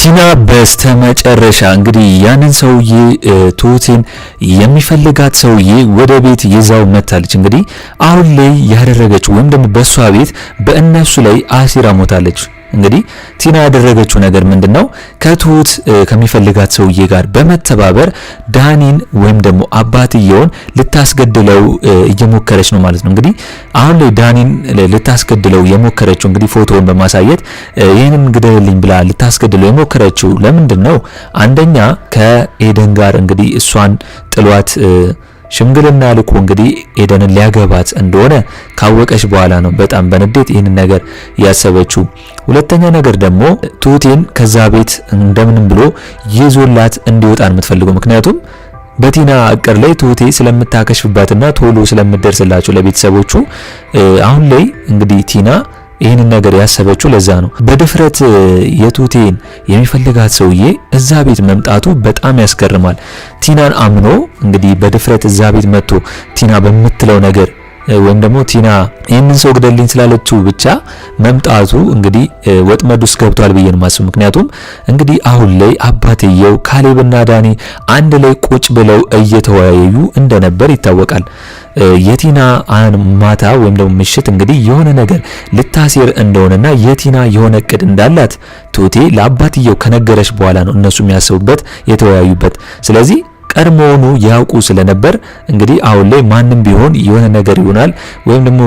ቲና በስተመጨረሻ እንግዲህ ያንን ሰውዬ ትሁቴን የሚፈልጋት ሰውዬ ወደ ቤት ይዛው መታለች። እንግዲህ አሁን ላይ ያደረገች ወይም ደግሞ በእሷ ቤት በእነሱ ላይ አሲራ ሞታለች። እንግዲህ ቲና ያደረገችው ነገር ምንድን ነው? ከትሁት ከሚፈልጋት ሰውዬ ጋር በመተባበር ዳኒን ወይም ደግሞ አባትየውን ልታስገድለው እየሞከረች ነው ማለት ነው። እንግዲህ አሁን ላይ ዳኒን ልታስገድለው የሞከረችው እንግዲህ ፎቶውን በማሳየት ይህንን ግደልልኝ ብላ ልታስገድለው የሞከረችው ለምንድን ነው? አንደኛ ከኤደን ጋር እንግዲህ እሷን ጥሏት ሽምግልና ልኮ እንግዲህ ኤደንን ሊያገባት እንደሆነ ካወቀች በኋላ ነው በጣም በንዴት ይህንን ነገር ያሰበችው። ሁለተኛ ነገር ደግሞ ትሁቴን ከዛ ቤት እንደምንም ብሎ ይዞላት እንዲወጣን የምትፈልገው። ምክንያቱም በቲና እቅር ላይ ትሁቴ ስለምታከሽፍባትና ቶሎ ስለምደርስላቸው ለቤተሰቦቹ አሁን ላይ እንግዲህ ቲና ይህንን ነገር ያሰበችው ለዛ ነው። በድፍረት የቱቴን የሚፈልጋት ሰውዬ እዛ ቤት መምጣቱ በጣም ያስገርማል። ቲናን አምኖ እንግዲህ በድፍረት እዛ ቤት መጥቶ ቲና በምትለው ነገር ወይም ደግሞ ቲና ይህንን ሰው ግደልኝ ስላለችው ብቻ መምጣቱ እንግዲህ ወጥመድ ውስጥ ገብቷል ብዬ ነው ማስብ። ምክንያቱም እንግዲህ አሁን ላይ አባትየው ካሌብና ዳኒ አንድ ላይ ቁጭ ብለው እየተወያዩ እንደነበር ይታወቃል። የቲና ማታ ወይም ደግሞ ምሽት እንግዲህ የሆነ ነገር ልታሴር እንደሆነና የቲና የሆነ እቅድ እንዳላት ቱቴ ለአባትየው ከነገረች በኋላ ነው እነሱ የሚያስቡበት የተወያዩበት። ስለዚህ ቀድሞውኑ ያውቁ ስለነበር እንግዲህ አሁን ላይ ማንም ቢሆን የሆነ ነገር ይሆናል ወይም ደግሞ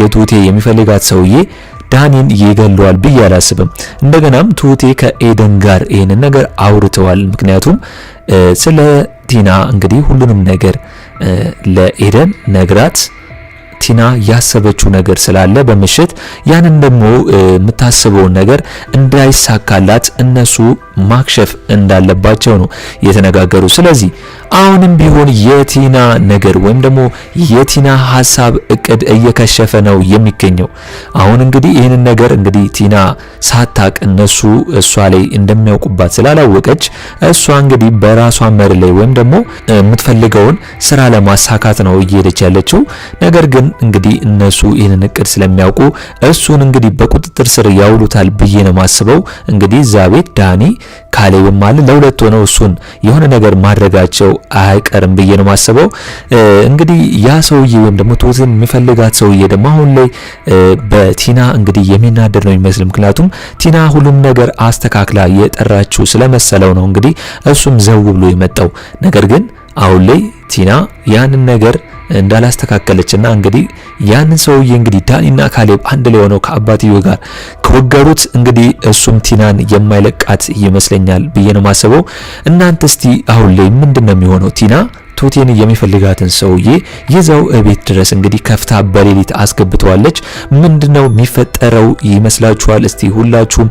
የቱቴ የሚፈልጋት ሰውዬ ዳኒን ይገለዋል ብዬ አላስብም። እንደገናም ቱቴ ከኤደን ጋር ይህንን ነገር አውርተዋል። ምክንያቱም ስለ ቲና እንግዲህ ሁሉንም ነገር ለኤደን ነግራት ቲና ያሰበችው ነገር ስላለ በምሽት ያንን ደግሞ የምታስበውን ነገር እንዳይሳካላት እነሱ ማክሸፍ እንዳለባቸው ነው የተነጋገሩ። ስለዚህ አሁንም ቢሆን የቲና ነገር ወይም ደግሞ የቲና ሀሳብ እቅድ እየከሸፈ ነው የሚገኘው። አሁን እንግዲህ ይህንን ነገር እንግዲህ ቲና ሳታቅ እነሱ እሷ ላይ እንደሚያውቁባት ስላላወቀች እሷ እንግዲህ በራሷ መሪ ላይ ወይም ደግሞ የምትፈልገውን ስራ ለማሳካት ነው እየሄደች ያለችው ነገር ግን አሁን እንግዲህ እነሱ ይህንን እቅድ ስለሚያውቁ እሱን እንግዲህ በቁጥጥር ስር ያውሉታል ብዬ ነው ማስበው። እንግዲህ ዛቤት ዳኒ ካሌብ ማለ ለሁለት ሆነው እሱን የሆነ ነገር ማድረጋቸው አይቀርም ብዬ ነው ማስበው። እንግዲህ ያ ሰውዬ ወይም ደግሞ ትሁትን የሚፈልጋት ሰውዬ ደግሞ አሁን ላይ በቲና እንግዲህ የሚናደር ነው የሚመስል። ምክንያቱም ቲና ሁሉም ነገር አስተካክላ የጠራችው ስለመሰለው ነው እንግዲህ እሱም ዘው ብሎ የመጣው ነገር ግን አሁን ላይ ቲና ያንን ነገር እንዳላስተካከለችና እንግዲህ ያንን ሰውዬ እንግዲህ ዳኒና ካሌብ አንድ ላይ ሆነው ከአባትዮ ጋር ከወገሩት እንግዲህ እሱም ቲናን የማይለቃት ይመስለኛል ብዬ ነው ማስበው። እናንተ እስቲ አሁን ላይ ምንድን ነው የሚሆነው? ቲና ቱቴን የሚፈልጋትን ሰውዬ ይዘው እቤት ድረስ እንግዲህ ከፍታ በሌሊት አስገብተዋለች። ምንድነው የሚፈጠረው ይመስላችኋል? እስቲ ሁላችሁም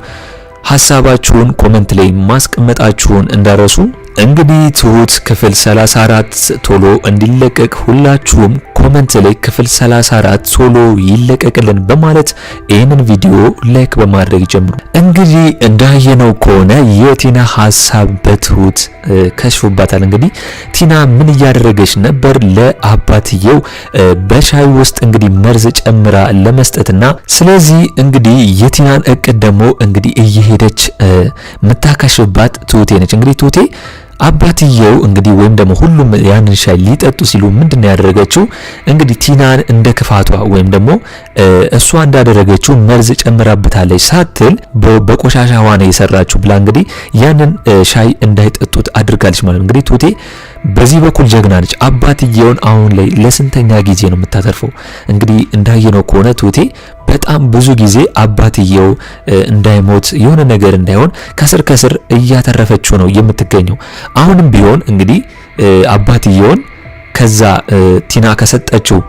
ሀሳባችሁን ኮመንት ላይ ማስቀመጣችሁን እንዳረሱ እንግዲህ ትሁት ክፍል 34 ቶሎ እንዲለቀቅ ሁላችሁም ኮመንት ላይ ክፍል 34 ቶሎ ይለቀቅልን በማለት ይህንን ቪዲዮ ላይክ በማድረግ ጀምሩ። እንግዲህ እንዳየነው ከሆነ የቲና ሀሳብ በትሁት ከሽፎባታል። እንግዲህ ቲና ምን እያደረገች ነበር? ለአባትየው በሻይ ውስጥ እንግዲህ መርዝ ጨምራ ለመስጠትና ስለዚህ እንግዲህ የቲናን እቅድ ደግሞ እንግዲህ እየሄደች ምታከሽባት ትሁቴ ነች። እንግዲህ ትሁቴ አባትየው እንግዲህ ወይም ደግሞ ሁሉም ያንን ሻይ ሊጠጡ ሲሉ ምንድን ነው ያደረገችው? እንግዲህ ቲናን እንደ ክፋቷ ወይም ደግሞ እሷ እንዳደረገችው መርዝ ጨምራበታለች ሳትል በቆሻሻ ውሃ ነው የሰራችው ብላ እንግዲህ ያንን ሻይ እንዳይጠጡት አድርጋለች ማለት እንግዲህ ቱቴ በዚህ በኩል ጀግና ነች። አባትየውን አሁን ላይ ለስንተኛ ጊዜ ነው የምታተርፈው? እንግዲህ እንዳየነው ከሆነ ቱቴ በጣም ብዙ ጊዜ አባትየው እንዳይሞት የሆነ ነገር እንዳይሆን ከስር ከስር እያተረፈችው ነው የምትገኘው። አሁንም ቢሆን እንግዲህ አባትየውን ከዛ ቲና ከሰጠችው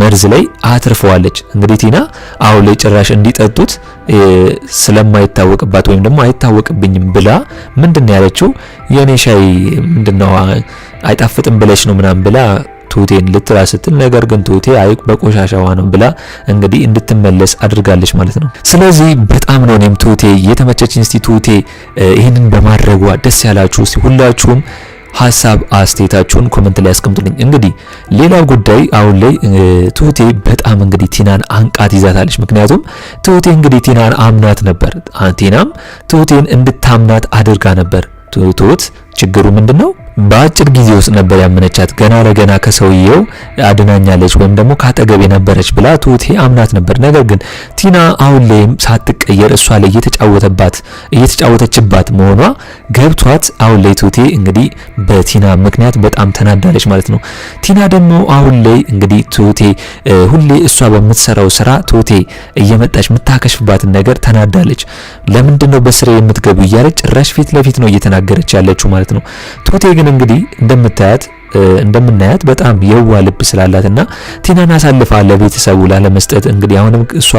መርዝ ላይ አትርፈዋለች። እንግዲህ ቲና አሁን ላይ ጭራሽ እንዲጠጡት ስለማይታወቅባት ወይም ደግሞ አይታወቅብኝም ብላ ምንድን ነው ያለችው የኔ ሻይ ምንድነው አይጣፍጥም ብለሽ ነው ምናምን ብላ ትሁቴን ልትራ ስትል ነገር ግን ትሁቴ አይ በቆሻሻዋ ነው ብላ እንግዲህ እንድትመለስ አድርጋለች ማለት ነው። ስለዚህ በጣም ነው እኔም ትሁቴ የተመቸችን። እስቲ ትሁቴ ይህንን በማድረጓ ደስ ያላችሁ ሲሁላችሁም ሁላችሁም ሀሳብ አስተያየታችሁን ኮመንት ላይ አስቀምጡልኝ። እንግዲህ ሌላ ጉዳይ አሁን ላይ ትሁቴ በጣም እንግዲህ ቲናን አንቃት ይዛታለች። ምክንያቱም ትሁቴ እንግዲህ ቲናን አምናት ነበር። ቲናም ትሁቴን እንድታምናት አድርጋ ነበር ትሁት ችግሩ ምንድነው? በአጭር ጊዜ ውስጥ ነበር ያመነቻት። ገና ለገና ከሰውየው አድናኛለች ወይም ደግሞ ካጠገብ የነበረች ብላ ትሁቴ አምናት ነበር። ነገር ግን ቲና አሁን ላይም ሳትቀየር እሷ ላይ እየተጫወተባት እየተጫወተችባት መሆኗ ገብቷት አሁን ላይ ትሁቴ እንግዲህ በቲና ምክንያት በጣም ተናዳለች ማለት ነው። ቲና ደግሞ አሁን ላይ እንግዲህ ትሁቴ ሁሌ እሷ በምትሰራው ስራ ትሁቴ እየመጣች የምታከሽፍባትን ነገር ተናዳለች። ለምንድን ነው በስራ የምትገቡ እያለች ጭራሽ ፊት ለፊት ነው እየተናገረች ያለችው ማለት ነው። ማለት ነው። ቱቴ ግን እንግዲህ እንደምታያት እንደምናያት በጣም የዋ ልብ ስላላትና ቲናን አሳልፋ ለቤተሰቡ ላለመስጠት እንግዲህ አሁንም እሷ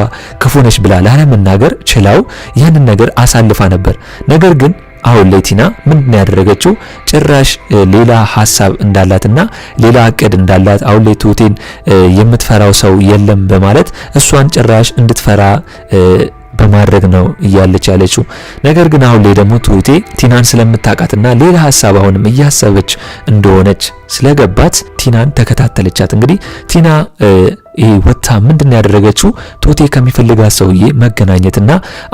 ክፉ ነች ብላ ላለመናገር ችላው ይህንን ነገር አሳልፋ ነበር። ነገር ግን አሁን ላይ ቲና ምንድን ያደረገችው ጭራሽ ሌላ ሀሳብ እንዳላትና ሌላ እቅድ እንዳላት አሁን ላይ ትሁቴን የምትፈራው ሰው የለም በማለት እሷን ጭራሽ እንድትፈራ በማድረግ ነው እያለች ያለችው። ነገር ግን አሁን ላይ ደግሞ ትሁቴ ቲናን ስለምታውቃትና ሌላ ሀሳብ አሁንም እያሰበች እንደሆነች ስለገባት ቲናን ተከታተለቻት። እንግዲህ ቲና ይሄ ወታ ምንድን ያደረገችው ትሁቴ ከሚፈልጋት ሰውዬ መገናኘትና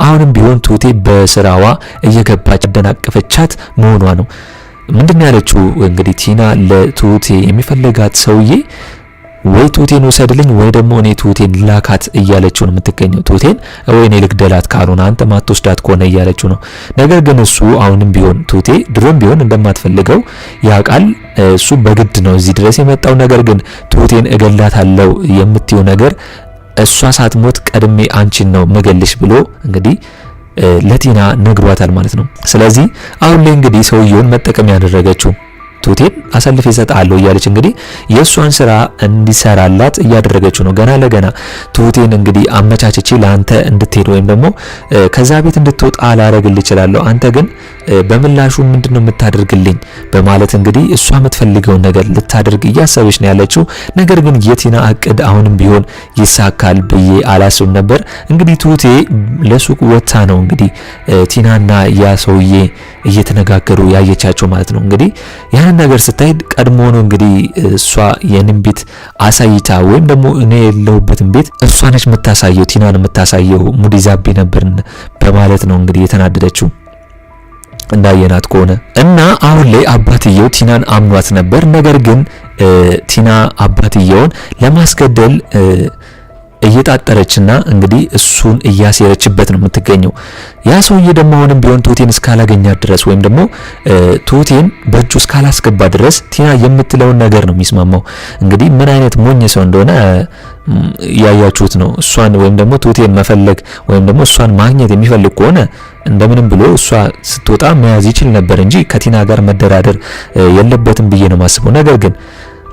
አሁንም ቢሆን ቱቴ በስራዋ እየገባች አደናቀፈቻት መሆኗ ነው። ምንድን ያለችው እንግዲህ ቲና ለትሁቴ የሚፈልጋት ሰውዬ ወይ ቱቴን ውሰድልኝ ወይ ደግሞ እኔ ቱቴን ላካት እያለችው ነው የምትገኘው። ቱቴን ወይ እኔ ልግደላት ካልሆነ አንተ ማትወስዳት ከሆነ እያለችው ነው። ነገር ግን እሱ አሁንም ቢሆን ቱቴ ድሮም ቢሆን እንደማትፈልገው ያውቃል። እሱ በግድ ነው እዚህ ድረስ የመጣው። ነገር ግን ቱቴን እገላታለው የምትየው ነገር እሷ ሳትሞት ቀድሜ አንቺን ነው ምገልሽ ብሎ እንግዲህ ለቲና ነግሯታል ማለት ነው። ስለዚህ አሁን ላይ እንግዲህ ሰውየውን መጠቀም ያደረገችው ቱቴን አሳልፌ እሰጥሃለሁ እያለች እንግዲህ የእሷን ስራ እንዲሰራላት እያደረገችው ነው። ገና ለገና ቱቴን እንግዲህ አመቻችቼ ለአንተ እንድትሄድ ወይም ደግሞ ከዛ ቤት እንድትወጣ ላረግልህ እችላለሁ፣ አንተ ግን በምላሹ ምንድን ነው የምታደርግልኝ? በማለት እንግዲህ እሷ የምትፈልገውን ነገር ልታደርግ እያሰበች ነው ያለችው። ነገር ግን የቲና እቅድ አሁንም ቢሆን ይሳካል ብዬ አላስብም ነበር። እንግዲህ ቱቴ ለሱቅ ወታ ነው እንግዲህ ቲናና ያ ሰውዬ እየተነጋገሩ ያየቻቸው ማለት ነው። እንግዲህ ያንን ነገር ስታይድ ቀድሞ ነው እንግዲህ እሷ የኔን ቤት አሳይታ ወይም ደግሞ እኔ የለሁበትን ቤት እሷ ነች የምታሳየው፣ ቲናን የምታሳየው ሙድ ይዛቤ ነበርን በማለት ነው እንግዲህ የተናደደችው እንዳየናት ከሆነ እና አሁን ላይ አባትየው ቲናን አምኗት ነበር። ነገር ግን ቲና አባትየውን ለማስገደል እየጣጠረችና እንግዲህ እሱን እያሴረችበት ነው የምትገኘው። ያ ሰውዬ ደግሞ አሁንም ቢሆን ቱቴን እስካላገኛት ድረስ ወይም ደግሞ ቱቴን በእጁ እስካላስገባ ድረስ ቲና የምትለውን ነገር ነው የሚስማማው። እንግዲህ ምን አይነት ሞኝ ሰው እንደሆነ ያያችሁት ነው። እሷን ወይም ደግሞ ቱቴን መፈለግ ወይም ደግሞ እሷን ማግኘት የሚፈልግ ከሆነ እንደምንም ብሎ እሷ ስትወጣ መያዝ ይችል ነበር እንጂ ከቲና ጋር መደራደር የለበትም ብዬ ነው ማስበው። ነገር ግን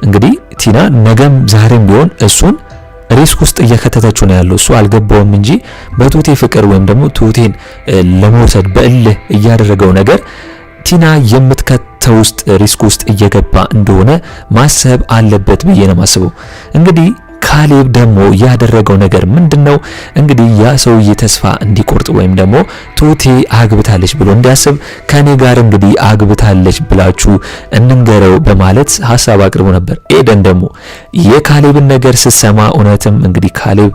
እንግዲህ ቲና ነገም ዛሬም ቢሆን እሱን ሪስክ ውስጥ እየከተተችው ነው ያለው። እሱ አልገባውም እንጂ በቱቴ ፍቅር ወይም ደግሞ ቱቴን ለመውሰድ በእልህ እያደረገው ነገር ቲና የምትከተው ውስጥ ሪስክ ውስጥ እየገባ እንደሆነ ማሰብ አለበት ብዬ ነው ማስበው። እንግዲህ ካሌብ ደግሞ ያደረገው ነገር ምንድነው? እንግዲህ ያ ሰውዬ ተስፋ እንዲቆርጥ ወይም ደግሞ ቶቴ አግብታለች ብሎ እንዲያስብ ከኔ ጋር እንግዲህ አግብታለች ብላችሁ እንንገረው በማለት ሀሳብ አቅርቦ ነበር። ኤደን ደግሞ የካሌብን ነገር ስትሰማ እውነትም እንግዲህ ካሌብ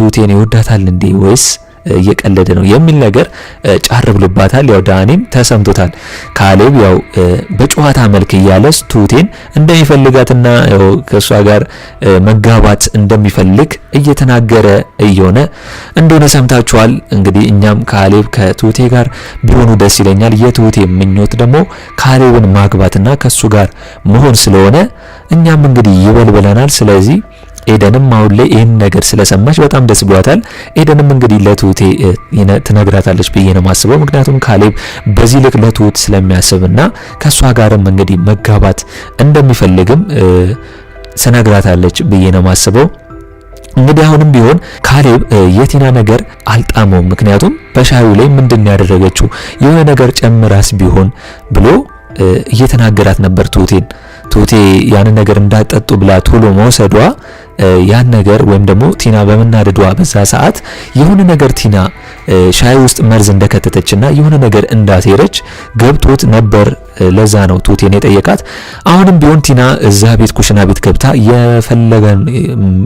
ቶቴን ይወዳታል እንዴ ወይስ እየቀለደ ነው የሚል ነገር ጫር ብሎባታል። ያው ዳኒም ተሰምቶታል። ካሌብ ያው በጨዋታ መልክ እያለ ትሁቴን እንደሚፈልጋትና ያው ከሷ ጋር መጋባት እንደሚፈልግ እየተናገረ እየሆነ እንደሆነ ሰምታችኋል። እንግዲህ እኛም ካሌብ ከትሁቴ ጋር ቢሆኑ ደስ ይለኛል። የትሁቴ ምኞት ደግሞ ካሌብን ማግባትና ከሱ ጋር መሆን ስለሆነ እኛም እንግዲህ ይበል ብለናል። ስለዚህ ኤደንም አሁን ላይ ይህን ነገር ስለሰማች በጣም ደስ ብሏታል። ኤደንም እንግዲህ ለትሁቴ ትነግራታለች ብዬ ነው ማስበው። ምክንያቱም ካሌብ በዚህ ልክ ለትሁት ስለሚያስብና ከእሷ ጋርም እንግዲህ መጋባት እንደሚፈልግም ትነግራታለች ብዬ ነው ማስበው እንግዲህ አሁንም ቢሆን ካሌብ የቲና ነገር አልጣመውም። ምክንያቱም በሻዩ ላይ ምንድን ያደረገችው የሆነ ነገር ጨምራስ ቢሆን ብሎ እየተናገራት ነበር ትሁቴን ትሁቴ ያንን ነገር እንዳጠጡ ብላ ቶሎ መውሰዷ ያን ነገር ወይም ደግሞ ቲና በመናደዷ በዛ ሰዓት የሆነ ነገር ቲና ሻይ ውስጥ መርዝ እንደከተተችና የሆነ ነገር እንዳሴረች ገብቶት ነበር። ለዛ ነው ትሁቴን የጠየቃት። አሁንም ቢሆን ቲና እዛ ቤት ኩሽና ቤት ገብታ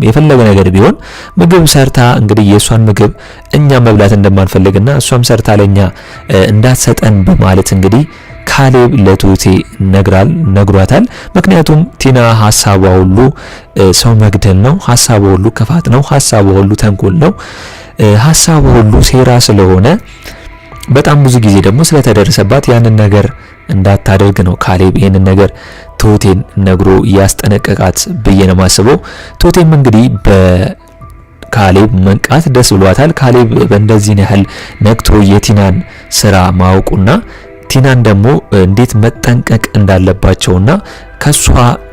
የፈለገ ነገር ቢሆን ምግብ ሰርታ እንግዲህ የእሷን ምግብ እኛ መብላት እንደማንፈልግና እሷም ሰርታ ለኛ እንዳትሰጠን በማለት እንግዲህ ካሌብ ለትሁቴ ነግራል ነግሯታል። ምክንያቱም ቲና ሀሳቧ ሁሉ ሰው መግደል ነው፣ ሀሳቧ ሁሉ ክፋት ነው፣ ሀሳቧ ሁሉ ተንኮል ነው፣ ሀሳቧ ሁሉ ሴራ ስለሆነ በጣም ብዙ ጊዜ ደግሞ ስለተደረሰባት ያንን ነገር እንዳታደርግ ነው ካሌብ ይህንን ነገር ትሁቴን ነግሮ ያስጠነቀቃት ብዬ ነው ማስበው። ትሁቴም እንግዲህ በካሌብ መንቃት ደስ ብሏታል። ካሌብ በእንደዚህን ያህል ነግቶ የቲናን ስራ ማወቁና ቲናን ደግሞ እንዴት መጠንቀቅ እንዳለባቸውና ከሷ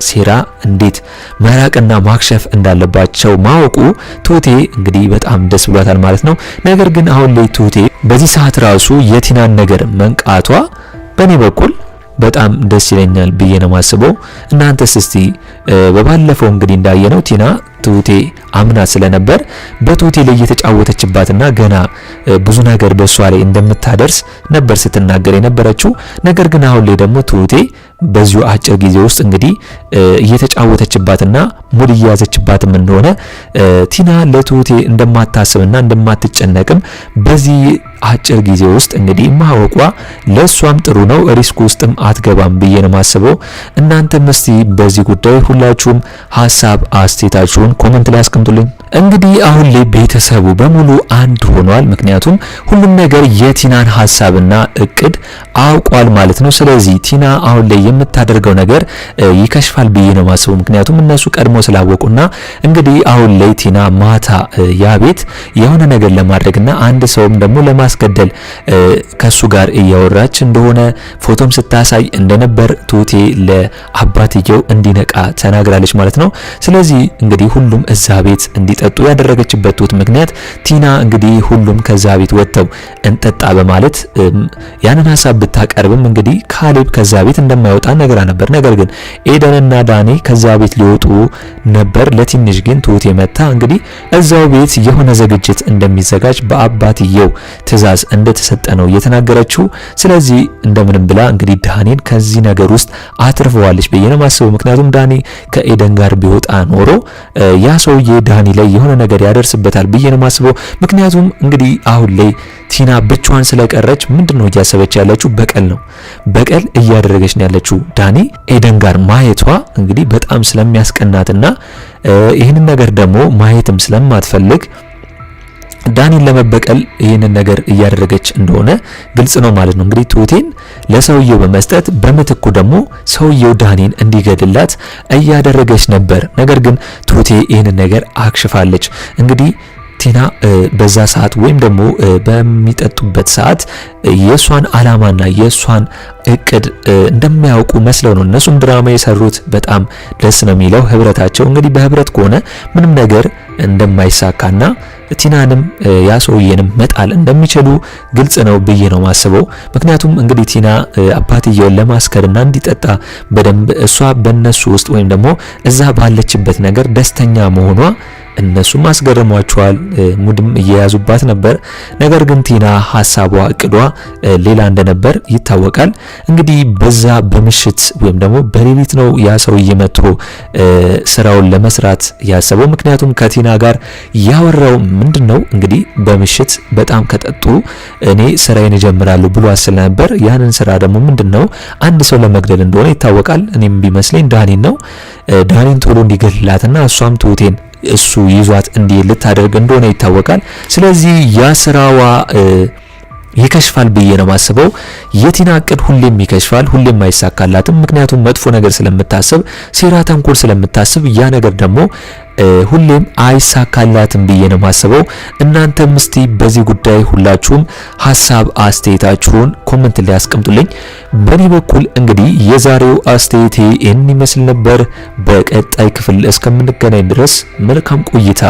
ሴራ እንዴት መራቅና ማክሸፍ እንዳለባቸው ማወቁ ቶቴ እንግዲህ በጣም ደስ ብሏታል ማለት ነው። ነገር ግን አሁን ላይ ቶቴ በዚህ ሰዓት ራሱ የቲናን ነገር መንቃቷ በእኔ በኩል በጣም ደስ ይለኛል ብዬ ነው ማስበው። እናንተስ እስቲ በባለፈው እንግዲህ እንዳየነው ቲና ትሁቴ አምና ስለነበር በትሁቴ ላይ እየተጫወተችባትና ገና ብዙ ነገር በእሷ ላይ እንደምታደርስ ነበር ስትናገር የነበረችው። ነገር ግን አሁን ላይ ደግሞ ትሁቴ በዚሁ አጭር ጊዜ ውስጥ እንግዲህ እየተጫወተችባትና ሙድ እየያዘችባትም እንደሆነ ቲና ለትሁቴ እንደማታስብና እንደማትጨነቅም በዚህ አጭር ጊዜ ውስጥ እንግዲህ ማወቋ ለእሷም ጥሩ ነው፣ ሪስክ ውስጥም አትገባም ብዬ ነው ማስበው። እናንተም እስቲ በዚህ ጉዳይ ሁላችሁም ሀሳብ አስተያየታችሁን ኮመንት ላይ አስቀምጡልኝ። እንግዲህ አሁን ላይ ቤተሰቡ በሙሉ አንድ ሆኗል። ምክንያቱም ሁሉም ነገር የቲናን ሀሳብና እቅድ አውቋል ማለት ነው። ስለዚህ ቲና አሁን ላይ የምታደርገው ነገር ይከሽፋል ብዬ ነው ማስበው። ምክንያቱም እነሱ ቀድሞ ስላወቁና እንግዲህ አሁን ላይ ቲና ማታ ያ ቤት የሆነ ነገር ለማድረግና አንድ ሰውም ደግሞ ለማስገደል ከሱ ጋር እያወራች እንደሆነ ፎቶም ስታሳይ እንደነበር ቱቴ ለአባትየው እንዲነቃ ተናግራለች ማለት ነው። ስለዚህ እንግዲህ ሁሉም እዛ ቤት እንዲጠጡ ያደረገችበት ቱት ምክንያት ቲና እንግዲህ ሁሉም ከዛ ቤት ወጥተው እንጠጣ በማለት ያንን ሀሳብ ብታቀርብም እንግዲህ ካሌብ ከዛ ቤት እንደማይወጣ እንደሚወጣ ነግራ ነበር። ነገር ግን ኤደንና ዳኔ ከዛ ቤት ሊወጡ ነበር። ለትንሽ ግን ትሁት የመታ እንግዲህ እዛው ቤት የሆነ ዝግጅት እንደሚዘጋጅ በአባትየው ትዕዛዝ እንደተሰጠ ነው የተናገረችው። ስለዚህ እንደምንም ብላ እንግዲህ ዳኔን ከዚህ ነገር ውስጥ አትርፈዋለች ብዬ ነው ማስበው። ምክንያቱም ዳኔ ከኤደን ጋር ቢወጣ ኖሮ ያ ሰውዬ ዳኒ ላይ የሆነ ነገር ያደርስበታል ብዬ ነው ማስበው። ምክንያቱም እንግዲህ አሁን ላይ ቲና ብቻዋን ስለቀረች ምንድን ነው እያሰበች ያለችው? በቀል ነው፣ በቀል እያደረገች ነው ያለችው። ዳኒ ኤደን ጋር ማየቷ እንግዲህ በጣም ስለሚያስቀናትና ይህንን ነገር ደግሞ ማየትም ስለማትፈልግ ዳኒን ለመበቀል ይህንን ነገር እያደረገች እንደሆነ ግልጽ ነው ማለት ነው። እንግዲህ ትሁቴን ለሰውየው በመስጠት በምትኩ ደግሞ ሰውየው ዳኒን እንዲገድላት እያደረገች ነበር። ነገር ግን ትሁቴ ይህንን ነገር አክሽፋለች። እንግዲህ ቲና በዛ ሰዓት ወይም ደግሞ በሚጠጡበት ሰዓት የእሷን አላማና የእሷን እቅድ እንደማያውቁ መስለው ነው እነሱም ድራማ የሰሩት። በጣም ደስ ነው የሚለው ህብረታቸው። እንግዲህ በህብረት ከሆነ ምንም ነገር እንደማይሳካና ቲናንም ያ ሰውዬንም መጣል እንደሚችሉ ግልጽ ነው ብዬ ነው ማስበው። ምክንያቱም እንግዲህ ቲና አባትየውን ለማስከርና እንዲጠጣ በደንብ እሷ በነሱ ውስጥ ወይም ደግሞ እዛ ባለችበት ነገር ደስተኛ መሆኗ እነሱም አስገርሟቸዋል፣ ሙድም እየያዙባት ነበር። ነገር ግን ቲና ሀሳቧ፣ እቅዷ ሌላ እንደነበር ይታወቃል። እንግዲህ በዛ በምሽት ወይም ደግሞ በሌሊት ነው ያ ሰው መጥቶ ስራውን ለመስራት ያሰበው። ምክንያቱም ከቲና ጋር ያወራው ምንድን ነው እንግዲህ በምሽት በጣም ከጠጡ እኔ ስራዬን እጀምራለሁ ብሎ ስለነበር ያንን ስራ ደግሞ ምንድን ነው አንድ ሰው ለመግደል እንደሆነ ይታወቃል። እኔም ቢመስለኝ ዳኒን ነው። ዳኒን ቶሎ እንዲገድላትና እሷም ትሁቴን እሱ ይዟት እንዲህ ልታደርግ እንደሆነ ይታወቃል። ስለዚህ ስራዋ ይከሽፋል ብዬ ነው ማስበው። የቲና እቅድ ሁሌም ይከሽፋል፣ ሁሌም አይሳካላትም። ምክንያቱም መጥፎ ነገር ስለምታስብ፣ ሴራ ተንኮል ስለምታስብ ያ ነገር ደግሞ ሁሌም አይሳካላትም ብዬ ነው ማስበው። እናንተም እስቲ በዚህ ጉዳይ ሁላችሁም ሀሳብ አስተያየታችሁን ኮመንት ላይ አስቀምጡልኝ። በኔ በኩል እንግዲህ የዛሬው አስተያየቴ ይህን ይመስል ነበር። በቀጣይ ክፍል እስከምንገናኝ ድረስ መልካም ቆይታ